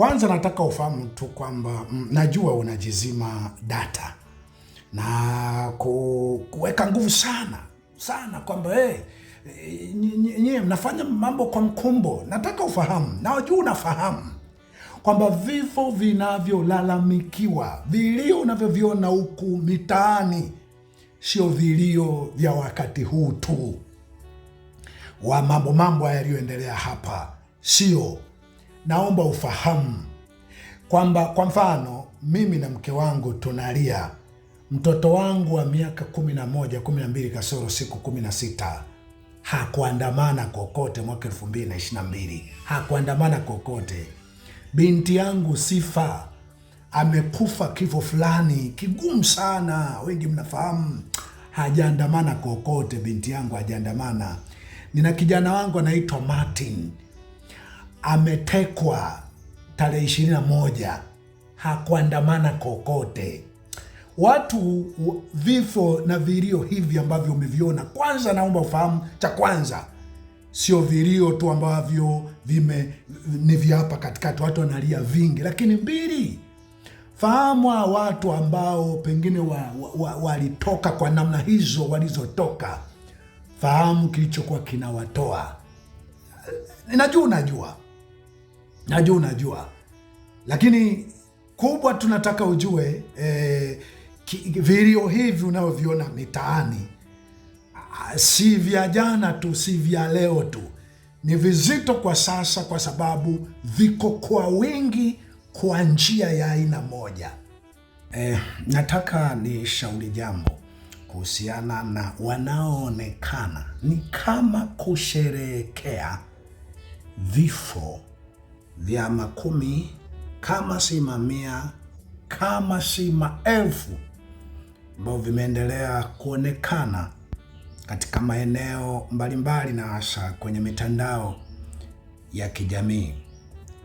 Kwanza nataka ufahamu tu kwamba mm, najua unajizima data na ku, kuweka nguvu sana sana kwamba hey, nyie mnafanya mambo kwa mkumbo. Nataka ufahamu, najua unafahamu kwamba vifo vinavyolalamikiwa, vilio unavyoviona huku mitaani, sio vilio vya wakati huu tu wa mambo mambo yaliyoendelea hapa, sio naomba ufahamu kwamba kwa mfano mimi na mke wangu tunalia mtoto wangu wa miaka kumi na moja kumi na mbili kasoro siku kumi na sita hakuandamana kokote mwaka elfu mbili na ishirini na mbili hakuandamana kokote. Binti yangu Sifa amekufa kifo fulani kigumu sana, wengi mnafahamu, hajaandamana kokote. Binti yangu hajaandamana. Nina kijana wangu anaitwa Martin ametekwa tarehe ishirini na moja hakuandamana kokote. Watu vifo na vilio hivi ambavyo umeviona, kwanza naomba ufahamu, cha kwanza sio vilio tu ambavyo vime ni vya hapa katikati, watu wanalia vingi, lakini mbili, fahamu watu ambao pengine walitoka wa, wa, wa kwa namna hizo walizotoka, fahamu kilichokuwa kinawatoa. Najua unajua najua unajua, lakini kubwa tunataka ujue eh, vilio hivi unavyoviona mitaani ah, si vya jana tu, si vya leo tu, ni vizito kwa sasa, kwa sababu viko kwa wingi kwa njia ya aina moja. Eh, nataka ni shauri jambo kuhusiana na wanaoonekana ni kama kusherehekea vifo vyama kumi, kama si mamia, kama si maelfu ambao vimeendelea kuonekana katika maeneo mbalimbali na hasa kwenye mitandao ya kijamii.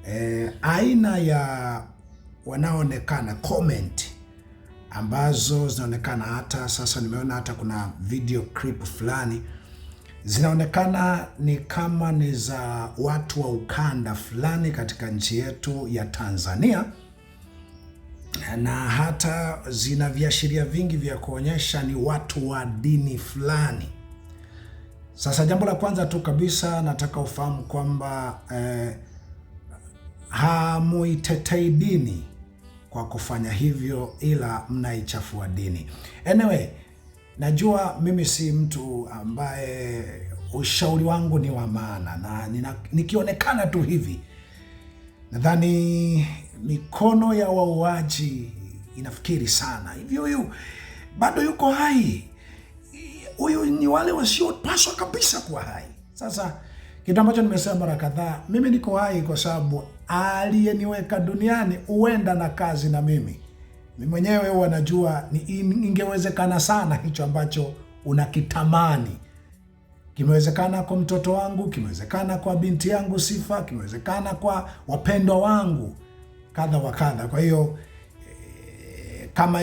E, aina ya wanaoonekana comment ambazo zinaonekana hata sasa, nimeona hata kuna video clip fulani zinaonekana ni kama ni za watu wa ukanda fulani katika nchi yetu ya Tanzania na hata zina viashiria vingi vya kuonyesha ni watu wa dini fulani. Sasa jambo la kwanza tu kabisa nataka ufahamu kwamba eh, hamuitetei dini kwa kufanya hivyo, ila mnaichafua dini. Anyway, Najua mimi si mtu ambaye ushauri wangu ni wa maana, na nikionekana tu hivi nadhani mikono ya wauaji inafikiri sana hivi, huyu bado yuko hai, huyu ni wale wasiopaswa kabisa kuwa hai. Sasa kitu ambacho nimesema mara kadhaa, mimi niko hai kwa sababu aliyeniweka duniani huenda na kazi na mimi mimi mwenyewe huwa najua ni ingewezekana sana hicho ambacho unakitamani kimewezekana kwa mtoto wangu, kimewezekana kwa binti yangu Sifa, kimewezekana kwa wapendwa wangu kadha wa kadha. Kwa hiyo eh, kama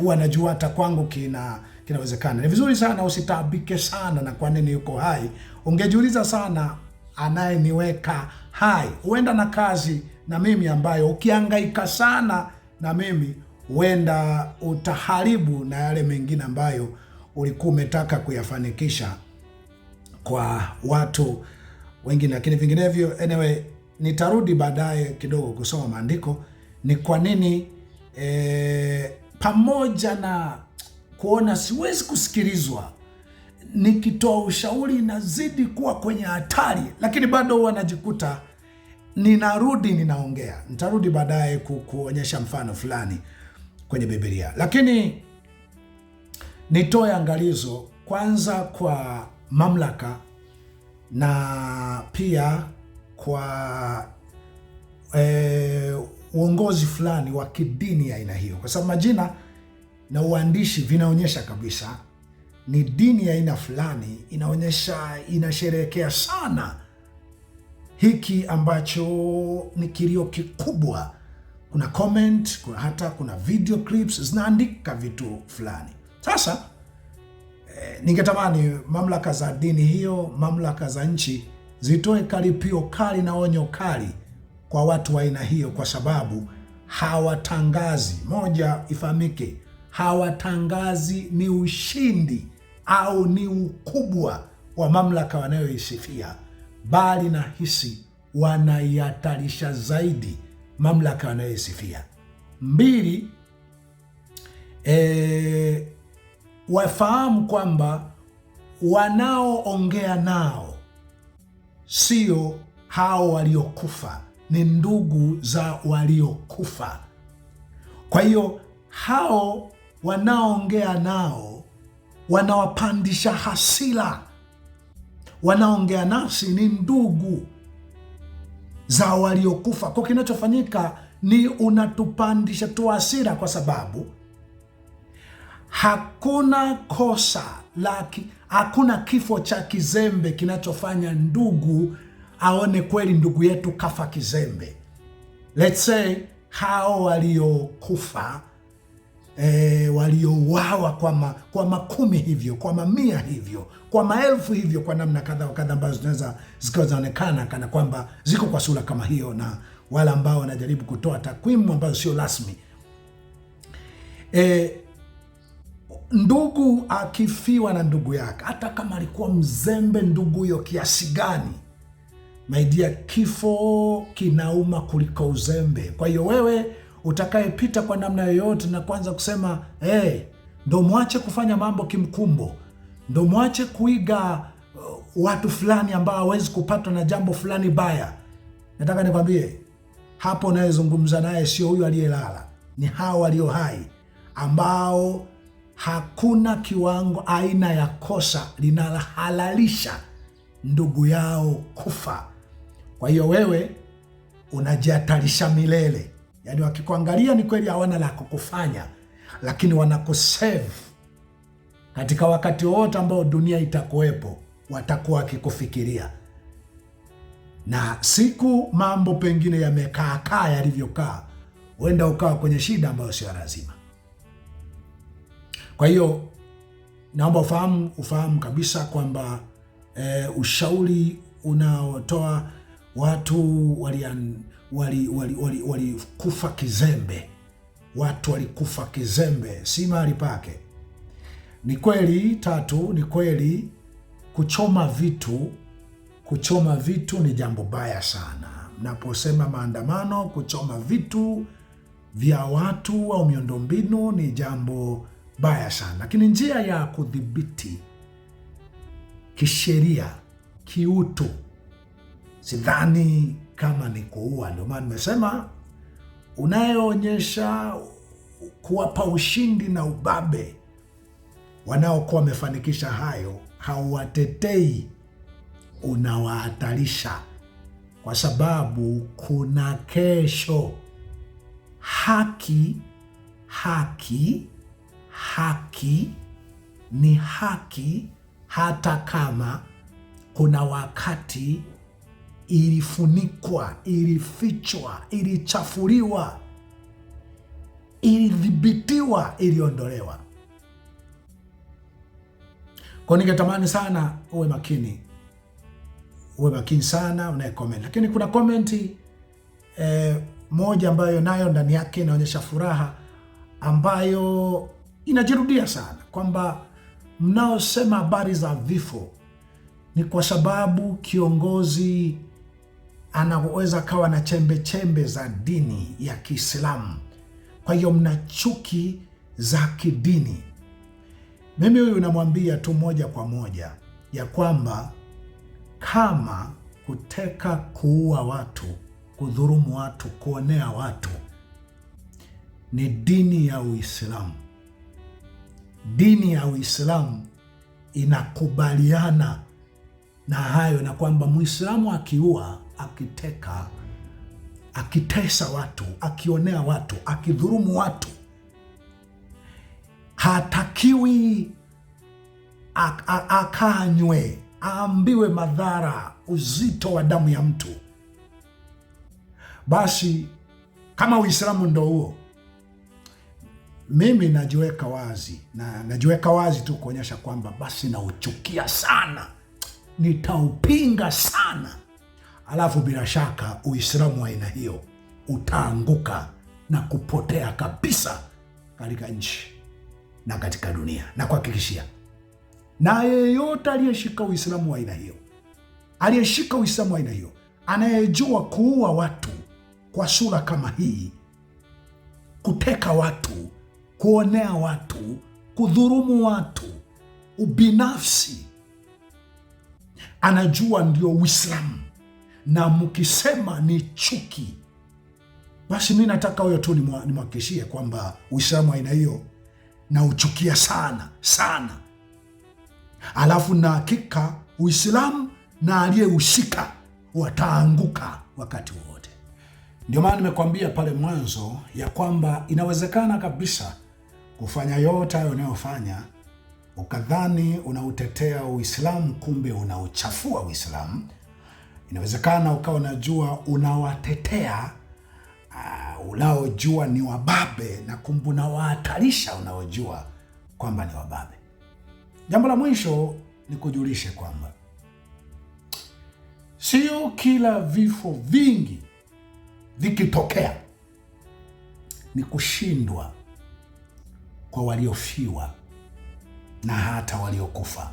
huwa najua hata kwangu kina kinawezekana. Ni vizuri sana usitaabike sana na kwa nini yuko hai. Ungejiuliza sana anayeniweka hai, huenda na kazi na mimi ambayo ukiangaika sana na mimi huenda utaharibu na yale mengine ambayo ulikuwa umetaka kuyafanikisha kwa watu wengine, lakini vinginevyo. Anyway, nitarudi baadaye kidogo kusoma maandiko ni kwa nini e, pamoja na kuona siwezi kusikilizwa nikitoa ushauri inazidi kuwa kwenye hatari, lakini bado huwa najikuta ninarudi ninaongea. Nitarudi baadaye kuonyesha mfano fulani kwenye Biblia. Lakini nitoe angalizo kwanza kwa mamlaka na pia kwa e, uongozi fulani wa kidini ya aina hiyo, kwa sababu majina na uandishi vinaonyesha kabisa ni dini ya aina fulani, inaonyesha inasherehekea sana hiki ambacho ni kilio kikubwa kuna comment, kuna hata kuna video clips zinaandika vitu fulani. Sasa e, ningetamani mamlaka za dini hiyo, mamlaka za nchi zitoe karipio kali na onyo kali kwa watu wa aina hiyo, kwa sababu hawatangazi. Moja ifahamike, hawatangazi ni ushindi au ni ukubwa wa mamlaka wanayoisifia, bali nahisi wanaihatarisha zaidi mamlaka anayesifia. Mbili, e, wafahamu kwamba wanaoongea nao sio hao waliokufa, ni ndugu za waliokufa. Kwa hiyo hao wanaoongea nao wanawapandisha hasira. Wanaongea nasi ni ndugu za waliokufa. Kwa kinachofanyika ni unatupandisha tu hasira, kwa sababu hakuna kosa laki, hakuna kifo cha kizembe kinachofanya ndugu aone kweli ndugu yetu kafa kizembe. Let's say hao waliokufa e, waliouawa kwa, ma, kwa makumi hivyo kwa mamia hivyo kwa maelfu hivyo kwa namna kadha wa kadha ambazo zinaweza zikiwa zinaonekana kana kwamba ziko kwa sura kama hiyo, na wale ambao wanajaribu kutoa takwimu ambazo sio rasmi e, ndugu akifiwa na ndugu yake, hata kama alikuwa mzembe ndugu huyo kiasi gani, maidia, kifo kinauma kuliko uzembe. Kwa hiyo wewe utakayepita kwa namna yoyote na kwanza kusema hey, ndo mwache kufanya mambo kimkumbo, ndo mwache kuiga uh, watu fulani ambao hawezi kupatwa na jambo fulani baya. Nataka nikwambie hapo, unayezungumza naye sio huyu aliyelala, ni hao walio hai ambao hakuna kiwango, aina ya kosa linalohalalisha ndugu yao kufa. Kwa hiyo wewe unajihatarisha milele. Yaani wakikuangalia ni kweli hawana la kukufanya, lakini wanakuserve katika wakati wowote ambao dunia itakuwepo, watakuwa wakikufikiria. Na siku mambo pengine yamekaakaa yalivyokaa, huenda ukawa kwenye shida ambayo sio lazima. Kwa hiyo naomba ufahamu ufahamu kabisa kwamba e, ushauri unaotoa watu walian walikufa wali, wali, wali kizembe, watu walikufa kizembe, si mahali pake. Ni kweli. Tatu, ni kweli kuchoma vitu, kuchoma vitu ni jambo baya sana. Mnaposema maandamano, kuchoma vitu vya watu au miundombinu ni jambo baya sana, lakini njia ya kudhibiti kisheria, kiutu, sidhani kama ni kuua. Ndio maana nimesema unayoonyesha kuwapa ushindi na ubabe wanaokuwa wamefanikisha hayo, hauwatetei, unawahatarisha, kwa sababu kuna kesho. Haki, haki, haki ni haki, hata kama kuna wakati ilifunikwa, ilifichwa, ilichafuliwa, ilidhibitiwa, iliondolewa. Kwa ningetamani sana uwe makini, uwe makini sana unaye comment. Lakini kuna komenti eh, moja ambayo nayo ndani yake inaonyesha furaha ambayo inajirudia sana kwamba mnaosema habari za vifo ni kwa sababu kiongozi anaweza kawa na chembe chembe za dini ya Kiislamu. Kwa hiyo mna chuki za kidini. Mimi huyu namwambia tu moja kwa moja ya kwamba kama kuteka kuua watu, kudhurumu watu, kuonea watu ni dini ya Uislamu, dini ya Uislamu inakubaliana na hayo, na kwamba Muislamu akiua akiteka, akitesa watu, akionea watu, akidhurumu watu, hatakiwi akanywe, aambiwe madhara, uzito wa damu ya mtu. Basi kama Uislamu ndo huo, mimi najiweka wazi na najiweka wazi tu kuonyesha kwamba basi nauchukia sana, nitaupinga sana alafu bila shaka Uislamu wa aina hiyo utaanguka na kupotea kabisa katika nchi na katika dunia, na kuhakikishia na yeyote aliyeshika Uislamu wa aina hiyo, aliyeshika Uislamu wa aina hiyo, anayejua kuua watu kwa sura kama hii, kuteka watu, kuonea watu, kudhurumu watu, ubinafsi, anajua ndio Uislamu na mkisema ni chuki, basi mi nataka huyo tu nimwakikishie kwamba Uislamu aina hiyo nauchukia sana sana. Alafu na hakika Uislamu na aliyehusika wataanguka wakati wowote. Ndio maana nimekwambia pale mwanzo ya kwamba inawezekana kabisa kufanya yote hayo unayofanya ukadhani unautetea Uislamu, kumbe unauchafua Uislamu Inawezekana ukawa unajua unawatetea uh, unaojua ni wababe na kumbe unawahatarisha unaojua kwamba ni wababe. Jambo la mwisho ni kujulishe kwamba sio kila vifo vingi vikitokea ni kushindwa kwa waliofiwa na hata waliokufa.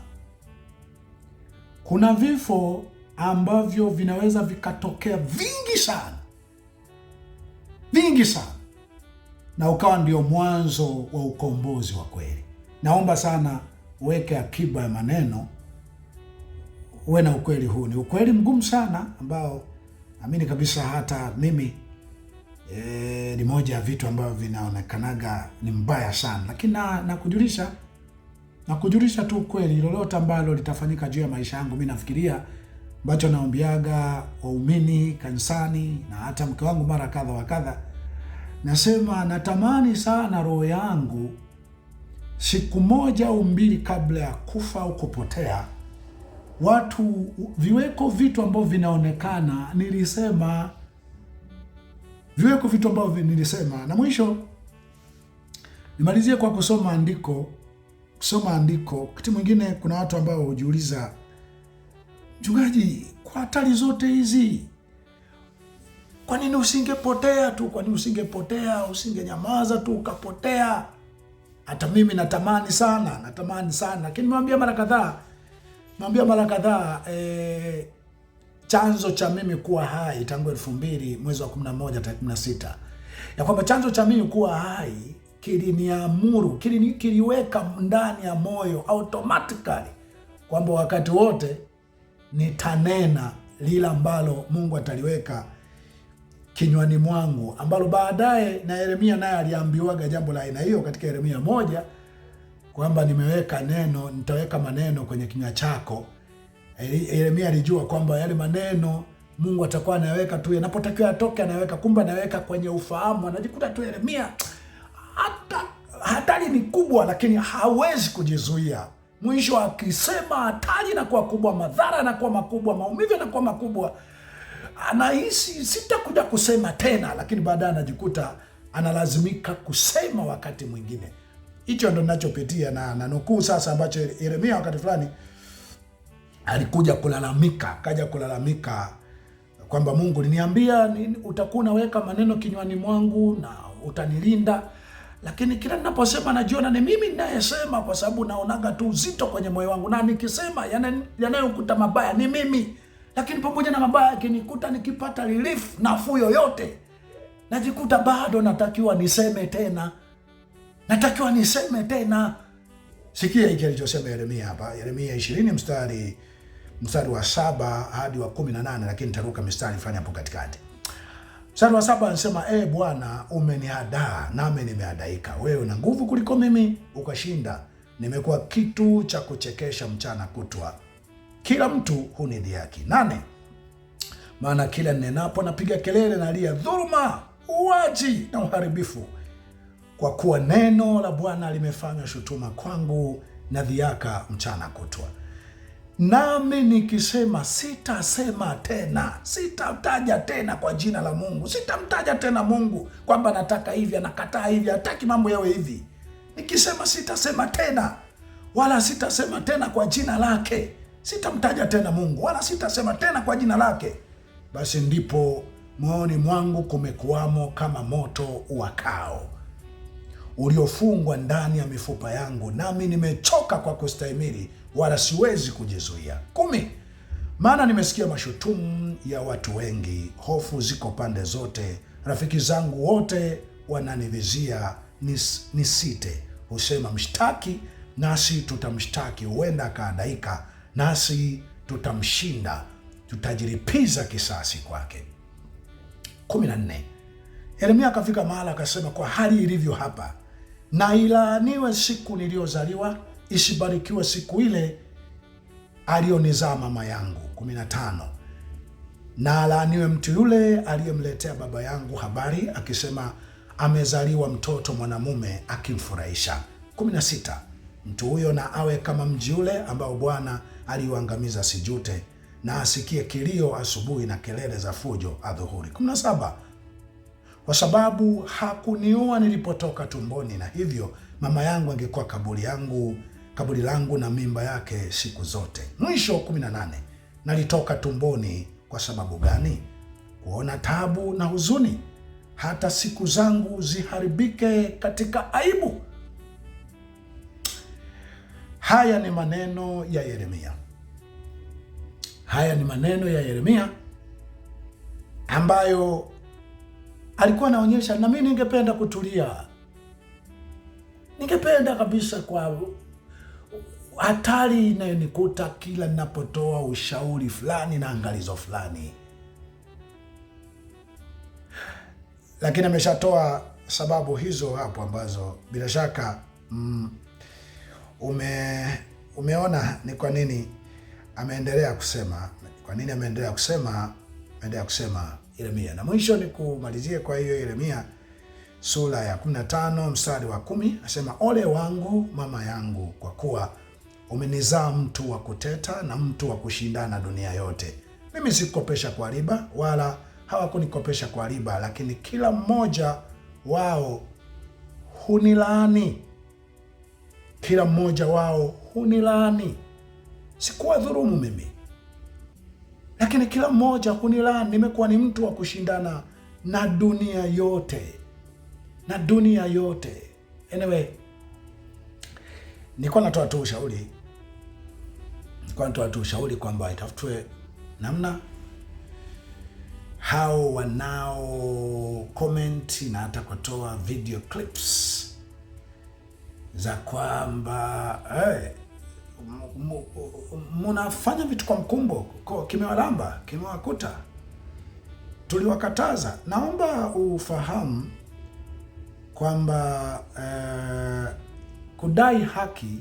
Kuna vifo ambavyo vinaweza vikatokea vingi sana vingi sana, na ukawa ndio mwanzo wa ukombozi wa kweli. Naomba sana uweke akiba ya maneno, uwe na ukweli huu. Ni ukweli mgumu sana ambao naamini kabisa hata mimi e, ni moja ya vitu ambavyo vinaonekanaga ni mbaya sana, lakini na nakujulisha tu ukweli. Lolote ambalo litafanyika juu ya maisha yangu, mi nafikiria ambacho naombiaga waumini kanisani na hata mke wangu mara kadha wa kadha, nasema natamani sana roho yangu siku moja au mbili kabla ya kufa au kupotea, watu viweko vitu ambavyo vinaonekana nilisema, viweko vitu ambavyo nilisema. Na mwisho nimalizie kwa kusoma andiko, kusoma andiko. Wakati mwingine kuna watu ambao hujiuliza Mchungaji, kwa hatari zote hizi, kwa nini usingepotea tu? Kwa nini usingepotea? Usingenyamaza tu ukapotea? Hata mimi natamani sana, natamani sana, lakini nimewambia mara kadhaa, nimewambia mara kadhaa e, chanzo cha mimi kuwa hai tangu elfu mbili mwezi wa 11 tarehe 16 ya kwamba chanzo cha mimi kuwa hai kiliniamuru kiliweka ndani ya moyo automatically kwamba wakati wote nitanena lile ambalo Mungu ataliweka kinywani mwangu, ambalo baadaye na Yeremia naye aliambiwaga jambo la aina hiyo katika Yeremia moja kwamba nimeweka neno, nitaweka maneno kwenye kinywa chako. Yeremia alijua kwamba yale maneno Mungu atakuwa anaweka tu yanapotakiwa atoke, anaweka kumbe anaweka kwenye ufahamu, anajikuta tu Yeremia hata hatari ni kubwa, lakini hawezi kujizuia mwisho akisema hatari kuwa kubwa, madhara kuwa makubwa, maumivu kuwa makubwa, anahisi sitakuja kusema tena, lakini baadaye anajikuta analazimika kusema wakati mwingine. Hicho ndo ninachopitia na nanukuu sasa, ambacho Yeremia wakati fulani alikuja kulalamika, akaja kulalamika kwamba Mungu, niniambia utakuwa unaweka maneno kinywani mwangu na utanilinda lakini kila ninaposema najiona ni mimi ninayesema, kwa sababu naonaga tu uzito kwenye moyo wangu, na nikisema yanayokuta mabaya ni mimi. Lakini pamoja na mabaya yakinikuta, nikipata relief, nafuu yoyote, najikuta bado natakiwa niseme tena, natakiwa niseme tena. Sikia hiki alichosema Yeremia hapa, Yeremia 20 mstari mstari wa saba hadi wa 18, lakini taruka mistari fulani hapo katikati. Mstari wa saba anasema ee Bwana, umenihadaa nami nimeadaika, wewe na nguvu kuliko mimi, ukashinda. Nimekuwa kitu cha kuchekesha mchana kutwa, kila mtu hunidhihaki. Nane, maana kila nnenapo napiga kelele, nalia dhuluma, uwaji na uharibifu, kwa kuwa neno la Bwana limefanywa shutuma kwangu na dhihaka mchana kutwa nami nikisema sitasema tena, sitamtaja tena kwa jina la Mungu, sitamtaja tena Mungu kwamba nataka hivi, anakataa hivi, hataki mambo yawe hivi. Nikisema sitasema tena, wala sitasema tena kwa jina lake, sitamtaja tena Mungu, wala sitasema tena kwa jina lake, basi ndipo moyoni mwangu kumekuwamo kama moto kao uliofungwa ndani ya mifupa yangu, nami nimechoka kwa kustahimili wala siwezi kujizuia. Kumi, maana nimesikia mashutumu ya watu wengi, hofu ziko pande zote, rafiki zangu wote wananivizia nis, nisite. Husema mshtaki, nasi tutamshtaki, huenda akaadaika nasi tutamshinda, tutajiripiza kisasi kwake. 14. na nne Yeremia akafika mahala akasema, kwa hali ilivyo hapa, na ilaaniwe siku niliyozaliwa isibarikiwa siku ile aliyonizaa mama yangu. 15 na alaaniwe mtu yule aliyemletea baba yangu habari akisema amezaliwa mtoto mwanamume akimfurahisha. 16 mtu huyo na awe kama mji ule ambao Bwana aliuangamiza sijute, na asikie kilio asubuhi na kelele za fujo adhuhuri. 17 kwa sababu hakuniua nilipotoka tumboni, na hivyo mama yangu angekuwa kaburi yangu kaburi langu na mimba yake siku zote. Mwisho 18 kumi na nane, nalitoka tumboni kwa sababu gani? Kuona tabu na huzuni, hata siku zangu ziharibike katika aibu. Haya ni maneno ya Yeremia, haya ni maneno ya Yeremia ambayo alikuwa anaonyesha, na mimi ningependa kutulia, ningependa kabisa kwa hatari inayonikuta kila ninapotoa ushauri fulani na angalizo fulani. Lakini ameshatoa sababu hizo hapo ambazo bila shaka mm, ume, umeona ni kwa nini ameendelea kusema kwa nini ameendelea kusema ameendelea kusema Yeremia. Na mwisho ni kumalizie, kwa hiyo Yeremia sura ya 15 mstari wa kumi asema ole wangu mama yangu, kwa kuwa umenizaa mtu wa kuteta na mtu wa kushindana dunia yote. Mimi sikukopesha kwa riba wala hawakunikopesha kwa riba, lakini kila mmoja wao hunilaani, kila mmoja wao hunilaani. Sikuwa dhurumu mimi, lakini kila mmoja hunilaani. Nimekuwa ni mtu wa kushindana na dunia yote, na dunia yote. Anyway, nilikuwa natoa tu ushauri kwani tuwatushauri kwamba itafutwe namna hao wanao comment na hata kutoa video clips za kwamba hey, eh, mnafanya vitu kwa mkumbo, kimewalamba kimewakuta. Tuliwakataza. Naomba ufahamu kwamba eh, kudai haki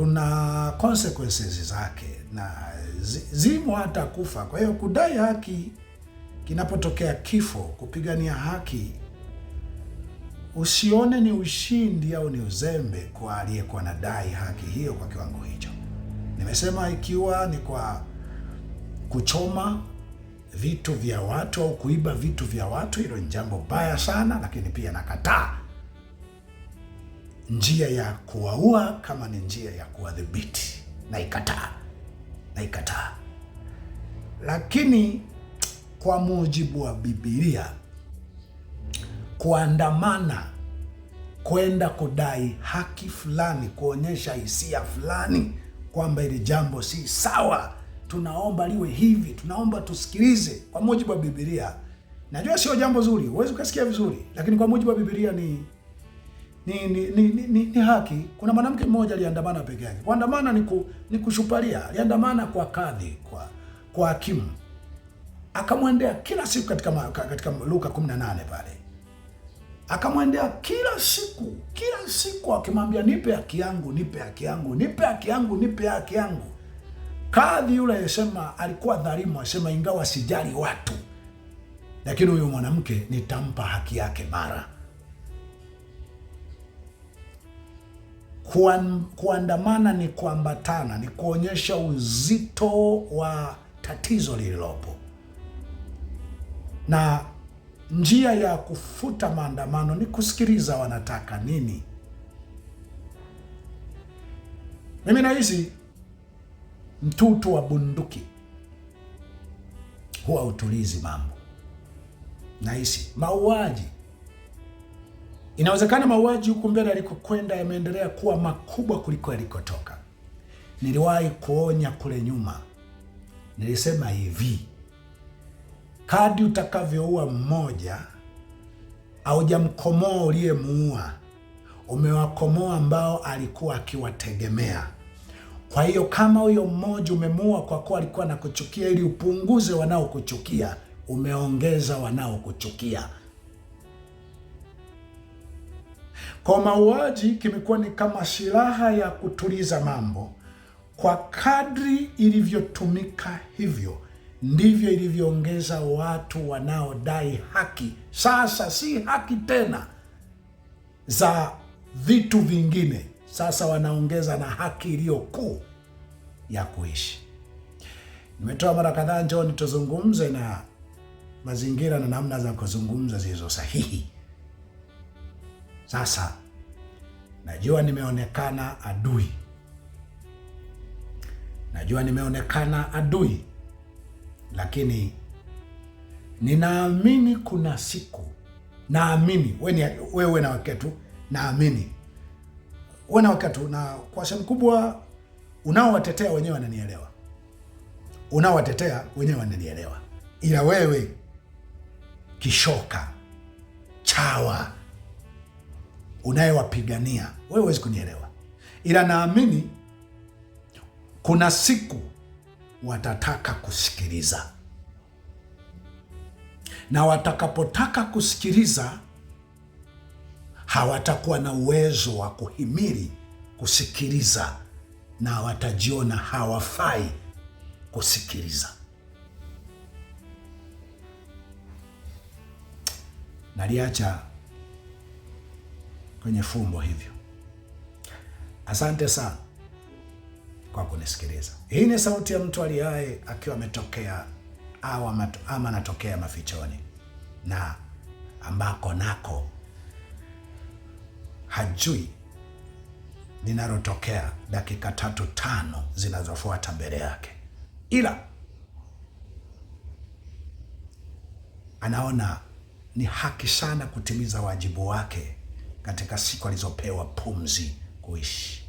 kuna consequences zake na zimo hata kufa. Kwa hiyo kudai haki, kinapotokea kifo, kupigania haki, usione ni ushindi au ni uzembe kwa aliyekuwa anadai haki hiyo kwa kiwango hicho. Nimesema ikiwa ni kwa kuchoma vitu vya watu au kuiba vitu vya watu, hilo ni jambo baya sana, lakini pia nakataa njia ya kuwaua kama ni njia ya kuwadhibiti, na ikataa na ikataa. Lakini kwa mujibu wa Biblia, kuandamana kwenda kudai haki fulani, kuonyesha hisia fulani kwamba ili jambo si sawa, tunaomba liwe hivi, tunaomba tusikilize, kwa mujibu wa Biblia. Najua sio jambo zuri, huwezi ukasikia vizuri, lakini kwa mujibu wa Biblia ni ni ni, ni, ni ni ni haki. Kuna mwanamke mmoja aliandamana peke yake. Kuandamana ni, ku, ni kushupalia. Aliandamana kwa kadhi, kwa kwa hakimu akamwendea kila siku katika katika Luka 18 pale, akamwendea kila siku kila siku akimwambia, nipe haki yangu, nipe haki yangu, nipe haki yangu, nipe haki yangu. Kadhi yule alisema, alikuwa dhalimu, asema ingawa sijali watu, lakini huyu mwanamke nitampa haki yake mara Kuan, kuandamana ni kuambatana, ni kuonyesha uzito wa tatizo lililopo, na njia ya kufuta maandamano ni kusikiliza wanataka nini. Mimi nahisi mtutu wa bunduki huwa utulizi mambo, nahisi mauaji Inawezekana mauaji huku mbele alikokwenda yameendelea kuwa makubwa kuliko yalikotoka. Niliwahi kuonya kule nyuma, nilisema hivi, kadi utakavyoua mmoja haujamkomoa uliyemuua, umewakomoa ambao alikuwa akiwategemea. Kwa hiyo kama huyo mmoja umemuua kwa kuwa alikuwa anakuchukia, ili upunguze wanaokuchukia, umeongeza wanaokuchukia. Kwa mauaji kimekuwa ni kama silaha ya kutuliza mambo. Kwa kadri ilivyotumika hivyo ndivyo ilivyoongeza watu wanaodai haki. Sasa si haki tena za vitu vingine, sasa wanaongeza na haki iliyo kuu ya kuishi. Nimetoa mara kadhaa, njoo tuzungumze na mazingira na namna za kuzungumza zilizo sahihi. Sasa najua nimeonekana adui, najua nimeonekana adui, lakini ninaamini kuna siku, naamini wewe na wake tu, naamini wewe na tu, na kwa sehemu kubwa unaowatetea wenyewe wananielewa, unaowatetea wenyewe wananielewa, ila wewe kishoka chawa unayewapigania wewe, huwezi kunielewa, ila naamini kuna siku watataka kusikiliza, na watakapotaka kusikiliza hawatakuwa na uwezo wa kuhimili kusikiliza, na watajiona hawafai kusikiliza. Naliacha kwenye fumbo hivyo. Asante sana kwa kunisikiliza. Hii ni sauti ya mtu aliaye akiwa ametokea au ama anatokea mafichoni na ambako nako hajui linalotokea dakika tatu tano zinazofuata mbele yake, ila anaona ni haki sana kutimiza wajibu wake katika siku alizopewa pumzi kuishi.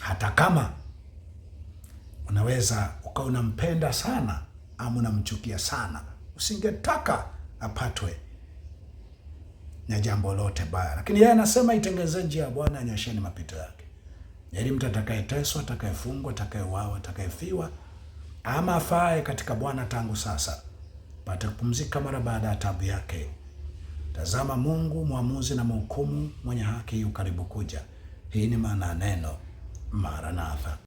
Hata kama unaweza ukawa unampenda sana ama unamchukia sana, usingetaka apatwe na jambo lote baya, lakini yeye anasema itengeze njia ya Bwana, anyosheni mapito yake. yeli yaani mtu atakayeteswa, atakayefungwa, atakayewawa, atakayefiwa ama afae katika Bwana tangu sasa pate kupumzika mara baada ya tabu yake. Tazama, Mungu mwamuzi na mhukumu mwenye haki yu karibu kuja. Hii ni maana ya neno Maranatha.